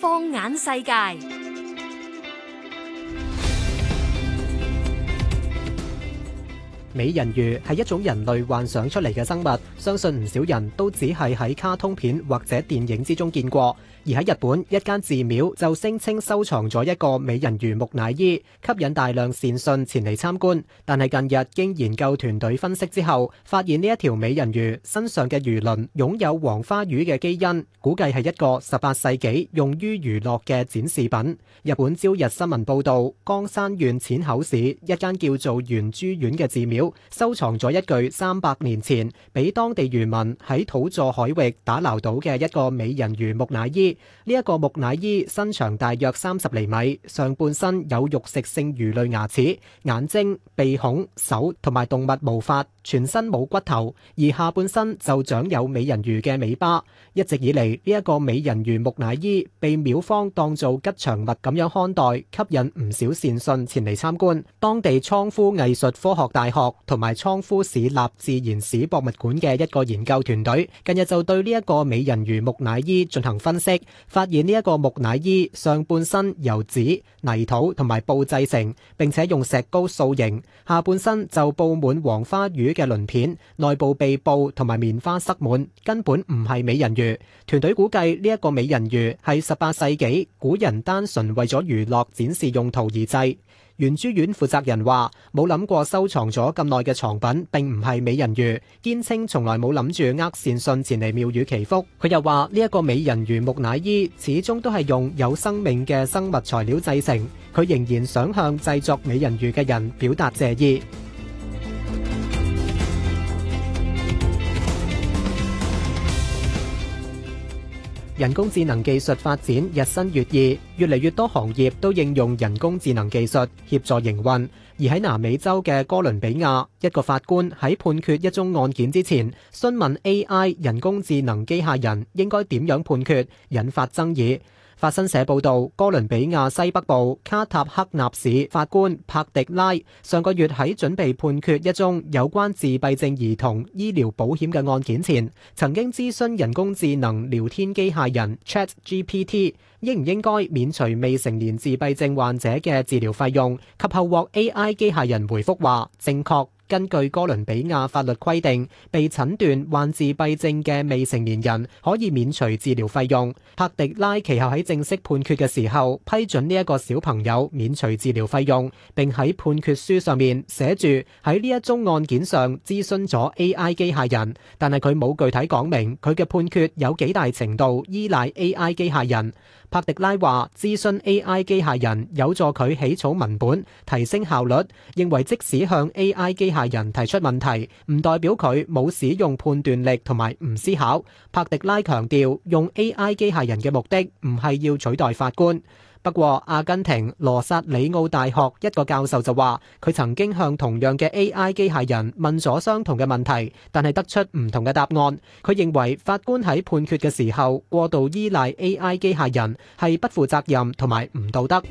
放眼世界。美人魚係一種人類幻想出嚟嘅生物，相信唔少人都只係喺卡通片或者電影之中見過。而喺日本一間寺廟就聲稱收藏咗一個美人魚木乃伊，吸引大量善信前嚟參觀。但係近日經研究團隊分析之後發現呢一條美人魚身上嘅魚鱗擁有黃花魚嘅基因，估計係一個十八世紀用於娛樂嘅展示品。日本朝日新聞報道，岡山縣淺口市一間叫做圓珠院嘅寺廟。收藏咗一具三百年前俾當地漁民喺土佐海域打撈到嘅一個美人魚木乃伊。呢、這、一個木乃伊身長大約三十厘米，上半身有肉食性魚類牙齒、眼睛、鼻孔、手同埋動物毛髮，全身冇骨頭，而下半身就長有美人魚嘅尾巴。一直以嚟，呢、這、一個美人魚木乃伊被廟方當做吉祥物咁樣看待，吸引唔少善信前嚟參觀。當地倉敷藝術科學大學。同埋，倉敷市立自然史博物館嘅一個研究團隊近日就對呢一個美人魚木乃伊進行分析，發現呢一個木乃伊上半身由紙、泥土同埋布製成，並且用石膏塑形；下半身就布滿黃花魚嘅鱗片，內部被布同埋棉花塞滿，根本唔係美人魚。團隊估計呢一個美人魚係十八世紀古人單純為咗娛樂展示用途而製。圓珠院負責人話：冇諗過收藏咗咁耐嘅藏品，並唔係美人魚，堅稱從來冇諗住呃善信前嚟廟宇祈福。佢又話：呢一個美人魚木乃伊始終都係用有生命嘅生物材料製成，佢仍然想向製作美人魚嘅人表達謝意。人工智能技術發展日新月異，越嚟越多行業都應用人工智能技術協助營運。而喺南美洲嘅哥倫比亞，一個法官喺判決一宗案件之前，詢問 AI 人工智能機械人應該點樣判決，引發爭議。法新社報導，哥倫比亞西北部卡塔克納市法官帕迪拉上個月喺準備判決一宗有關自閉症兒童醫療保險嘅案件前，曾經諮詢人工智能聊天機械人 ChatGPT 應唔應該免除未成年自閉症患者嘅治療費用，及後獲 AI 機械人回覆話正確。根據哥倫比亞法律規定，被診斷患自閉症嘅未成年人可以免除治療費用。帕迪拉其後喺正式判決嘅時候批准呢一個小朋友免除治療費用，並喺判決書上面寫住喺呢一宗案件上諮詢咗 AI 機械人，但係佢冇具體講明佢嘅判決有幾大程度依賴 AI 機械人。帕迪拉話諮詢 AI 機械人有助佢起草文本，提升效率，認為即使向 AI 機械人提出問題，唔代表佢冇使用判斷力同埋唔思考。帕迪拉強調用 AI 機械人嘅目的唔係要取代法官。不過，阿根廷羅薩里奧大學一個教授就話，佢曾經向同樣嘅 AI 機械人問咗相同嘅問題，但係得出唔同嘅答案。佢認為法官喺判決嘅時候過度依賴 AI 機械人係不負責任同埋唔道德。